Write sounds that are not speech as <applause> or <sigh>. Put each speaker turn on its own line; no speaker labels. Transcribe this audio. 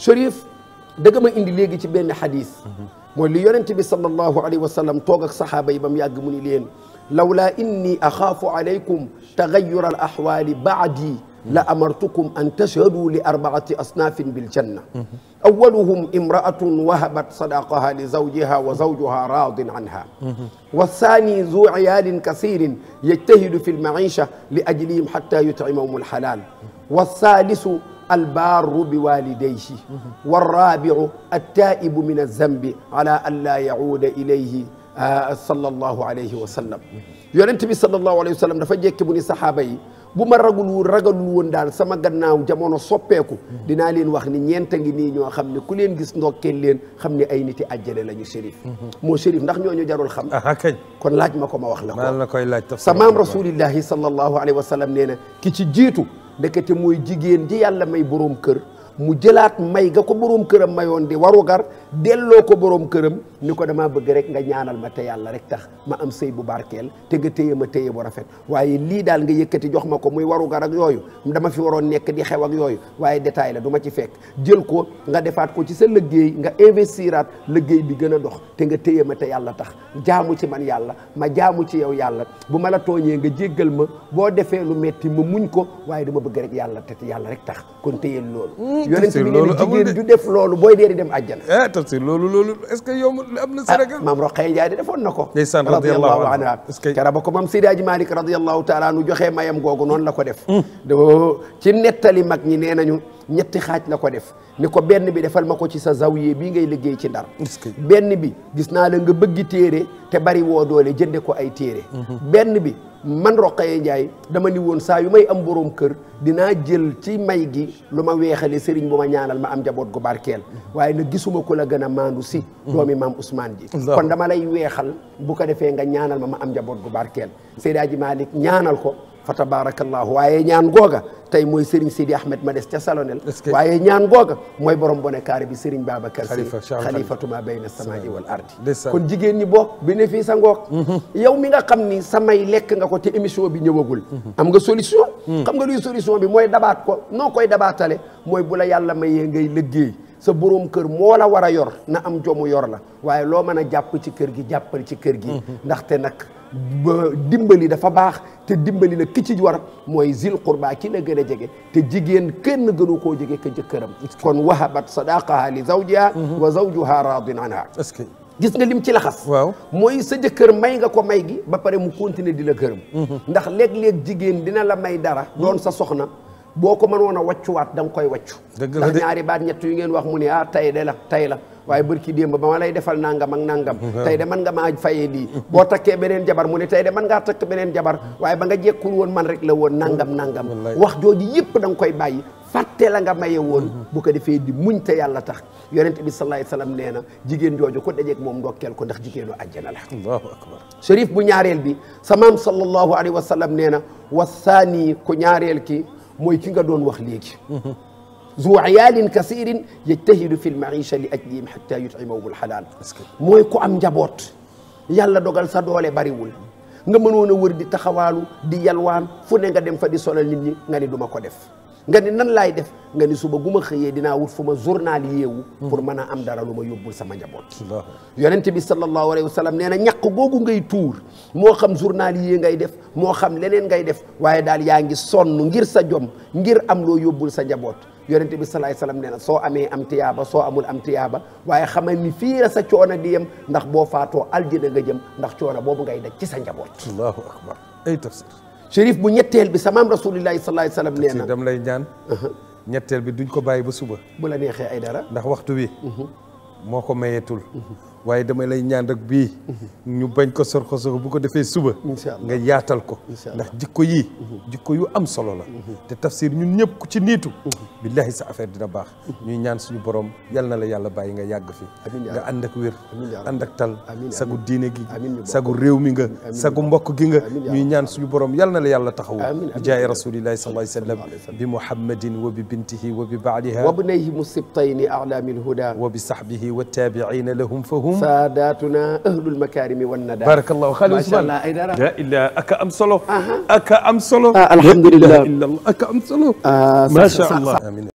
شريف دغما اندي ليغي سي بن حديث مو لي يونتي بي صلى الله عليه وسلم توك اك صحابه بام ياغ موني لين لولا اني اخاف عليكم تغير الاحوال بعدي لا امرتكم ان تشهدوا لاربعه اصناف بالجنه اولهم امراه وهبت صداقها لزوجها وزوجها راض عنها والثاني ذو عيال كثير يجتهد في المعيشه لاجلهم حتى يطعمهم الحلال والثالث albaarru bi waalidayhi warraabiu attaa'ibu min azambi ala an laa yacuuda ilayhi sallallahu alayhi wa sallam yonent bi sallallahu alayhi wa sallam dafa jekki mu ni saxaaba yi bu ma ragul woon ragalul woon daal sama gannaaw jamono soppeeku dinaa leen wax ni ñeenta ngi nii ñoo xam ne ku leen gis ndokkeel leen xam ne ay niti àjjale la ñu shérif moo shérif ndax ñooñu jarul xam kañ kon laaj ma ko ma wax la ko la koy laaj sa maam rasulillahi sallallahu alayhi wa sallam nee na ki ci jiitu ndekete mooy jigéen ji yàlla may boroom kër mu jëlaat may nga ko boroom këram mayoon di warugar delloo ko boroom këram ni ko damaa bëgg rek nga ñaanal ma te yàlla rek tax ma am sëy bu barkeel te nga téye ma téye bu rafet waaye lii daal nga yëkkati jox ma ko muy warugar ak yooyu dama fi waroon nekk di xew ak yooyu waaye détail la du ci fekk jël ko nga defaat ko ci sa liggéey nga investiraat liggéey bi gën a dox te nga téye ma te yàlla tax jaamu ci man yàlla ma jaamu ci yow yàlla bu ma la tooñee nga jéggal ma boo defee lu metti ma muñ ko waaye dama bëgg rek yàlla te yàlla rek tax kon téyel loolu yonent bi ne jigéen ju def loolu booy dee di dem àjjana eh na Sénégal ah, maam ko ndeysaan radiyallahu anha kera ba ko maam Seydi Hadji Malick radiyallahu taala anu joxee mayam googu noonu ko def mm. do nettali mag ñi nee ñetti xaaj la ko def ni ko benn bi defal ma ko ci sa zawiye bii ngay liggéey ci ndar benn bi gis naa la nga bëgg téere te bari woo doole jënde ko ay téere mhm. benn bi man Roqaye Ndiaye dama ni woon saa yu may am boroom kër dinaa jël ci may gi lu ma weexale sëriñ bu ma ñaanal ma am njaboot gu barkeel waaye nag gisuma ko la gën a maandu si mhm. doomi mam Ousmane ji kon dama lay weexal bu ko defee nga ñaanal ma ma am njaboot gu barkeel Seydi Hadji Malick ñaanal ko fa tabaarakallaahu waaye ñaan googa tey mooy Serigne Sidi Ahmed ma des ca Salonel. waaye ñaan googa mooy borom bone kaare bi Serigne Babacar Si xalifatuma bayna samaa'i wal ardi kon jigéen ñi boog bénéfice a ngoog mhm. yow mi nga xam ni samay lekk nga ko te émission bi ñëwagul mhm. am nga solution mhm. xam nga luy solution bi mooy dabaat ko noo koy dabaatale mooy bu la yàlla mayee ngay liggéey sa boroom kër moo la war a yor na am jomu yor la waaye loo mën a jàpp ci kër gi jàppal ci kër gi ndaxte nag dimbali dafa baax te dimbali la ki ci war mooy zil qurba ki la gën a jege te jigéen kenn gënu koo jege ka jëkkëram kon wahabat sadaqaha li zawjiha wa zawjuha radin anha gis nga lim ci laxas waaw mooy sa jëkkër may nga ko may gi ba pare mu continuer di la gërëm mhm. ndax léeg-léeg jigéen dina la may dara doon sa soxna boo ko mënoon a wàccuwaat da nga koy wàccu ndax ñaari baat ñett yu ngeen wax mu ne ah tay de la tay la waaye bërki démb ba ma lay defal nangam ak nangam <laughs> tey de man nga maa faye lii boo takkee beneen jabar mu ne tey de man ngaa takk beneen jabar waaye ba nga jekkul woon man rek la woon nangam nangam wax jooju yëpp da nga koy bàyyi fàtte la nga maye woon <laughs> bu ko defee di muñ te yàlla tax yonent bi sallallahu alayhi wasallam nee na jigéen jooju ko dajeeg moom ndokkeel ko ndax jigéenu àjjana la allahu akbar sharif bu ñaareel bi samaam sallallahu alayhi wa sallam nee na wa saani ku ñaareel ki mooy ki nga doon wax léegi <laughs> ذو عيال كثير يجتهد في المعيشه لاجلهم حتى يطعموا الحلال مويكو ام جابوت يالا دوغال سا دولي باري وول nga mënon wër di taxawalu di yalwaan fu ne nga dem fa di solal nit ñi nga ni duma ko def ngani nan lay def ngani suba guma xeye dina wut fuma journal yewu pour mën am dara luma yobul sama njabot yonent bi sallallahu alayhi wasallam neena ñak gogu ngay tour mo xam journal yi ngay def mo xam leneen ngay def waye dal yaangi ngi ngir sa jom ngir am lo yobul sa njabot yonent bi sallallahu alayhi wasallam neena so amé am tiyaba so amul am tiyaba waye xamal ni fi la sa coono di yem ndax bo faato aljina nga jëm ndax coono bobu ngay daj ci sa njabot allahu akbar ay tafsir شريف بو نيتيل بي سمام رسول الله صلى الله عليه وسلم نينا سي دام نيان نيتيل بي دوج كو باي با صبح بولا نيهي اي دارا داخ وقتو بي موكو مايتول waye damay lay ñaan rek bi ñu bañ ko sor xoso bu ko defé suba nga yaatal ko ndax jikko yi jikko yu am solo la te tafsir ñun ñëpp ku ci nitu billahi sa affaire dina bax ñuy ñaan suñu borom yal na la yàlla bàyyi nga yag fi nga ànd ak wér ànd ak tal sagu diine gi sagu rew mi nga sagu mbokk gi nga ñuy ñaan suñu borom yal na la yàlla taxaw bi jaayi rasulillahi sallallahu alayhi wasallam bi muhammadin wa bi bintihi wa bi baaliha wa bunayhi musibtayni a'lamil huda wa bi sahbihi wa tabiina lahum fahum هم ساداتنا أهل المكارم والندى بارك الله خالي عثمان آه، لا إله اك أم صلو امصلو أم صلو الحمد لله اك أم صلو ما شاء الله